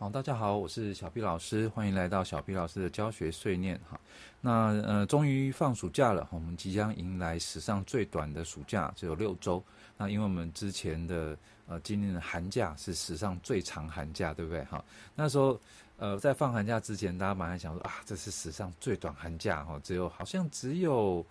好，大家好，我是小 B 老師，歡迎來到小 B 老師的教學碎念哈。那呃，終於放暑假了，我們即將迎來史上最短的暑假，只有六週。那因為我們之前的呃，今年的寒假是史上最長寒假，對不對？哈，那時候呃，在放寒假之前，大家本來想說啊，這是史上最短寒假哈，只有好像只有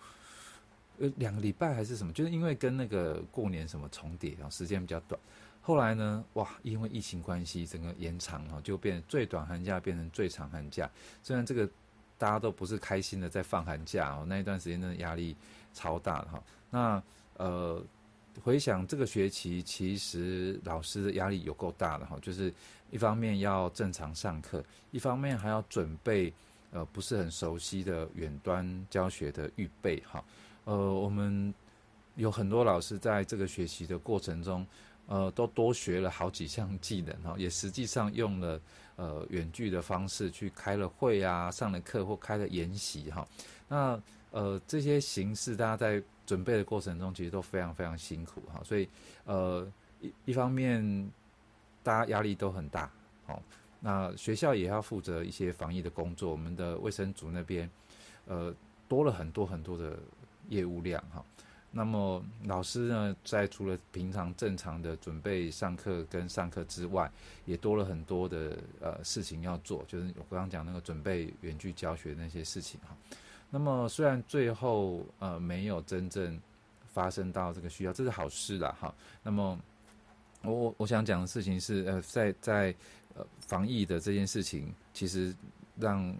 呃兩個禮拜還是什麼，就是因為跟那個過年什麼重疊，然後時間比較短。後來呢？哇，因為疫情關係，整個延長了，就變最短寒假變成最長寒假。雖然這個大家都不是開心的在放寒假哦，那一段時間真的壓力超大的哈。那呃，回想這個學期，其實老師的壓力有夠大的哈，就是一方面要正常上課，一方面還要準備呃不是很熟悉的遠端教學的預備哈。呃，我們有很多老師在這個學習的過程中，呃，都多學了好幾項技能，哈，也實際上用了呃遠距的方式去開了會啊，上了課或開了研習哈。那呃這些形式，大家在準備的過程中，其實都非常非常辛苦哈。所以呃一一方面大家壓力都很大，吼，那學校也要負責一些防疫的工作，我們的衛生組那邊呃多了很多很多的業務量哈。那麼老師呢，在除了平常正常的準備上課跟上課之外，也多了很多的呃事情要做，就是我剛剛講那個準備遠距教學的那些事情哈。那麼雖然最後呃沒有真正發生到這個需要，這是好事了哈。那麼我我我想講的事情是呃，在在呃防疫的這件事情，其實讓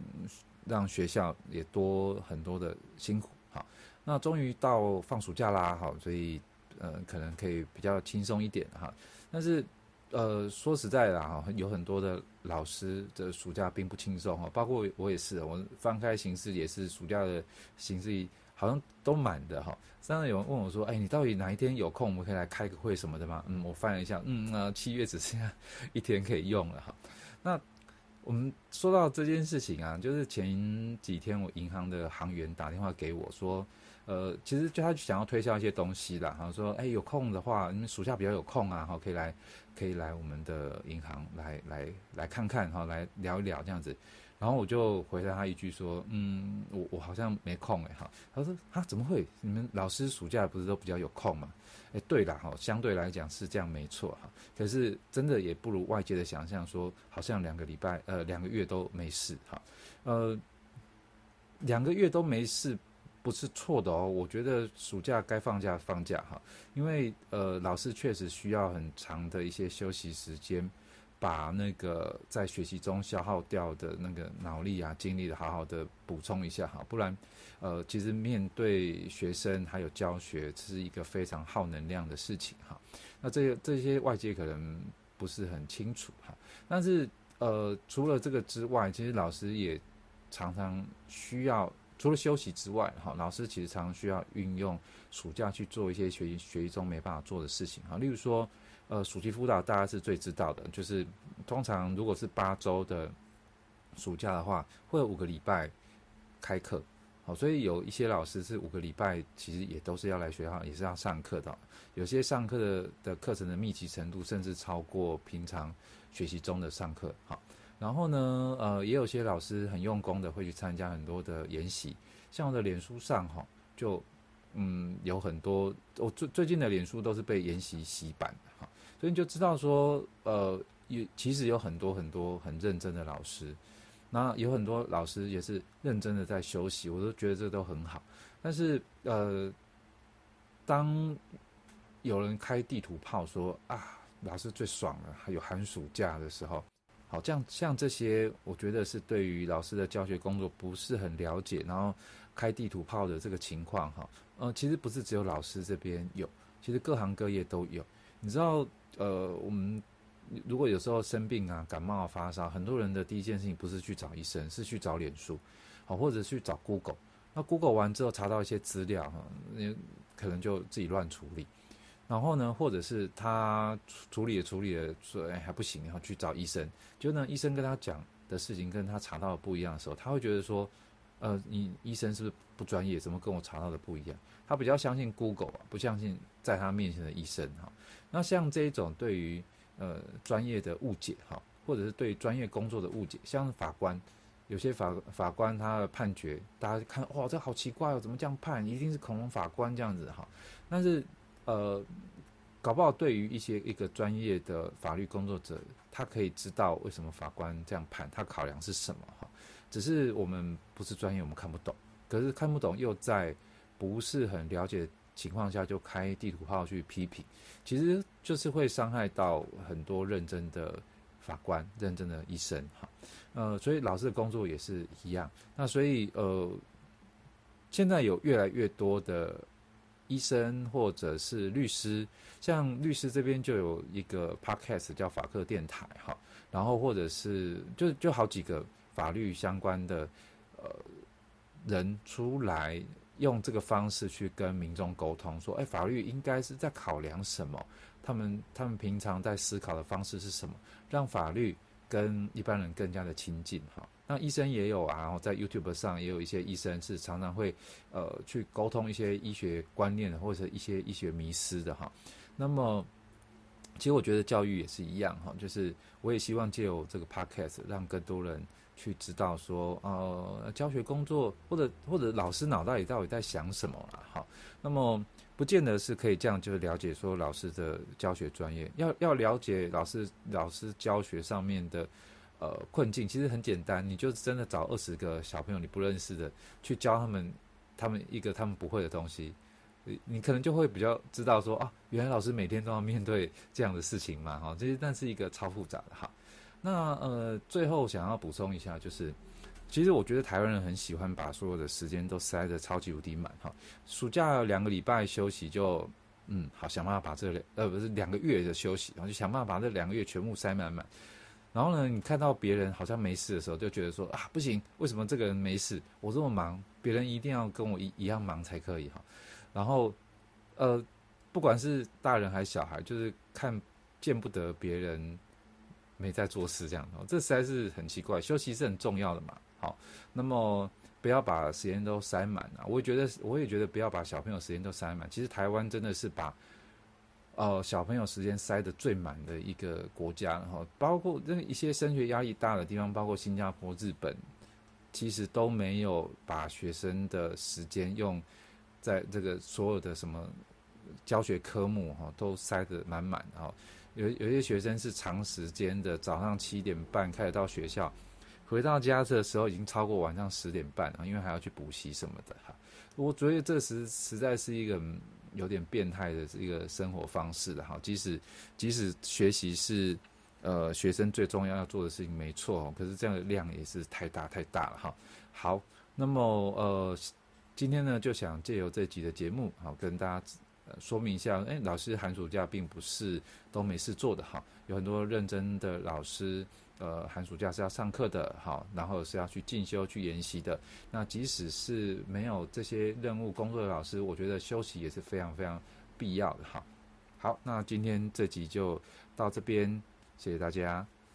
讓學校也多很多的辛苦。好，那終於到放暑假啦，好，所以，嗯、呃，可能可以比較輕鬆一點哈。但是，呃，說實在的哈，有很多的老師的暑假並不輕鬆哈，包括我也是，我翻開行事也是暑假的行事好像都滿的哈。剛剛有人問我說，哎，你到底哪一天有空，我們可以來開個會什麼的嗎？嗯，我翻了一下，嗯，呃，那七月只剩下一天可以用了哈。那。我們說到這件事情啊，就是前幾天我銀行的行員打電話給我說，呃，其實就他想要推銷一些東西啦，然後說，哎、欸，有空的話，你們暑假比較有空啊，哈，可以來，可以來我們的銀行來來來看看，哈，來聊一聊這樣子。然後我就回答他一句說，嗯，我我好像沒空哎哈。他說，啊，怎麼會？你們老師暑假不是都比較有空嗎？哎，對啦哈，相對來講是這樣沒錯哈。可是真的也不如外界的想象說，好像兩個禮拜呃兩個月都沒事哈。呃，兩個月都沒事不是錯的哦。我覺得暑假該放假放假哈，因為呃老師確實需要很長的一些休息時間。把那個在學習中消耗掉的那個腦力啊、精力的，好好的補充一下哈，不然，呃，其實面對學生還有教學，這是一個非常耗能量的事情哈。那這些這些外界可能不是很清楚哈，但是呃，除了這個之外，其實老師也常常需要除了休息之外，哈，老師其實常常需要運用暑假去做一些學習學習中沒辦法做的事情哈，例如說。呃，暑期輔導大家是最知道的，就是通常如果是八週的暑假的話，會有五個禮拜開課，好，所以有一些老師是五個禮拜其實也都是要來學校，也是要上課的。有些上課的的課程的密集程度甚至超過平常學習中的上課，好，然後呢，呃，也有些老師很用功的會去參加很多的研習，像我的臉書上哈、哦，就嗯有很多我最最近的臉書都是被研習洗版的哈。所以你就知道說，呃，有其實有很多很多很認真的老師，那有很多老師也是認真的在休息，我都覺得這都很好。但是，呃，當有人開地圖炮說啊，老師最爽了，還有寒暑假的時候，好像，這樣像這些，我覺得是對於老師的教學工作不是很了解，然後開地圖炮的這個情況哈，呃，其實不是只有老師這邊有，其實各行各業都有，你知道。呃，我們如果有時候生病啊，感冒發燒，很多人的第一件事情不是去找醫生，是去找臉書，好或者是去找 Google。那 Google 完之後查到一些資料，哈，可能就自己亂處理。然後呢，或者是他處理也處理了，說，哎，還不行，然後去找醫生。就那醫生跟他講的事情跟他查到的不一樣的時候，他會覺得說。呃，你醫生是不是不專業？怎麼跟我查到的不一樣？他比較相信 Google 啊，不相信在他面前的醫生哈。那像這一種對於呃專業的誤解哈，或者是對專業工作的誤解，像法官，有些法法官他的判決，大家看，哇，這好奇怪哦，怎麼這樣判？一定是恐龍法官這樣子哈。但是呃，搞不好對於一些一個專業的法律工作者，他可以知道為什麼法官這樣判，他考量是什麼哈。只是我們不是專業，我們看不懂。可是看不懂又在不是很了解情況下就開地圖炮去批評，其實就是會傷害到很多認真的法官、認真的醫生。哈，呃，所以老師的工作也是一樣。那所以呃，現在有越來越多的醫生或者是律師，像律師這邊就有一個 podcast 叫法客電台，哈，然後或者是就就好幾個。法律相關的呃人出來用這個方式去跟民眾溝通，說，哎，法律應該是在考量什麼？他們他們平常在思考的方式是什麼？讓法律跟一般人更加的親近哈。那醫生也有啊，然後在 YouTube 上也有一些醫生是常常會呃去溝通一些醫學觀念或者是一些醫學迷思的哈。那麼其實我覺得教育也是一樣哈，就是我也希望借由這個 Podcast 讓更多人。去知道說，呃，教學工作或者或者老師腦袋裡到底在想什麼了，哈，那麼不見得是可以這樣就了解說老師的教學專業。要要了解老師老師教學上面的呃困境，其實很簡單，你就真的找二十個小朋友你不認識的去教他們，他們一個他們不會的東西，你你可能就會比較知道說啊，原來老師每天都要面對這樣的事情嘛，哈、哦，其實但是一個超複雜的哈。那呃，最後想要補充一下，就是，其實我覺得台灣人很喜歡把所有的時間都塞得超級無敵滿哈。暑假兩個禮拜休息就，嗯，好，想辦法把這兩呃不是兩個月的休息，然後就想辦法把這兩個月全部塞滿滿。然後呢，你看到別人好像沒事的時候，就覺得說啊，不行，為什麼這個人沒事？我這麼忙，別人一定要跟我一一樣忙才可以哈、哦。然後呃，不管是大人還是小孩，就是看見不得別人，沒在做事這樣，哦，這實在是很奇怪。休息是很重要的嘛，好，哦，那麼不要把時間都塞滿啊。我也覺得，我也覺得不要把小朋友時間都塞滿。其實台灣真的是把，呃，小朋友時間塞得最滿的一個國家，然後，哦，包括那一些升學壓力大的地方，包括新加坡、日本，其實都沒有把學生的時間用在這個所有的什麼教學科目哈，哦，都塞得滿滿的哈。哦有有些學生是長時間的，早上七點半開始到學校，回到家的時候已經超過晚上十點半了，因為還要去補習什麼的哈。我覺得這實實在是一個有點變態的一個生活方式的哈。即使即使學習是呃學生最重要要做的事情沒錯，可是這樣的量也是太大太大了哈。好，那麼呃今天呢就想借由這集的節目好跟大家。說明一下，哎，老師寒暑假並不是都沒事做的哈，有很多認真的老師，呃，寒暑假是要上課的哈，然後是要去進修、去研習的。那即使是沒有這些任務工作的老師，我覺得休息也是非常非常必要的哈。好，那今天這集就到這邊，謝謝大家。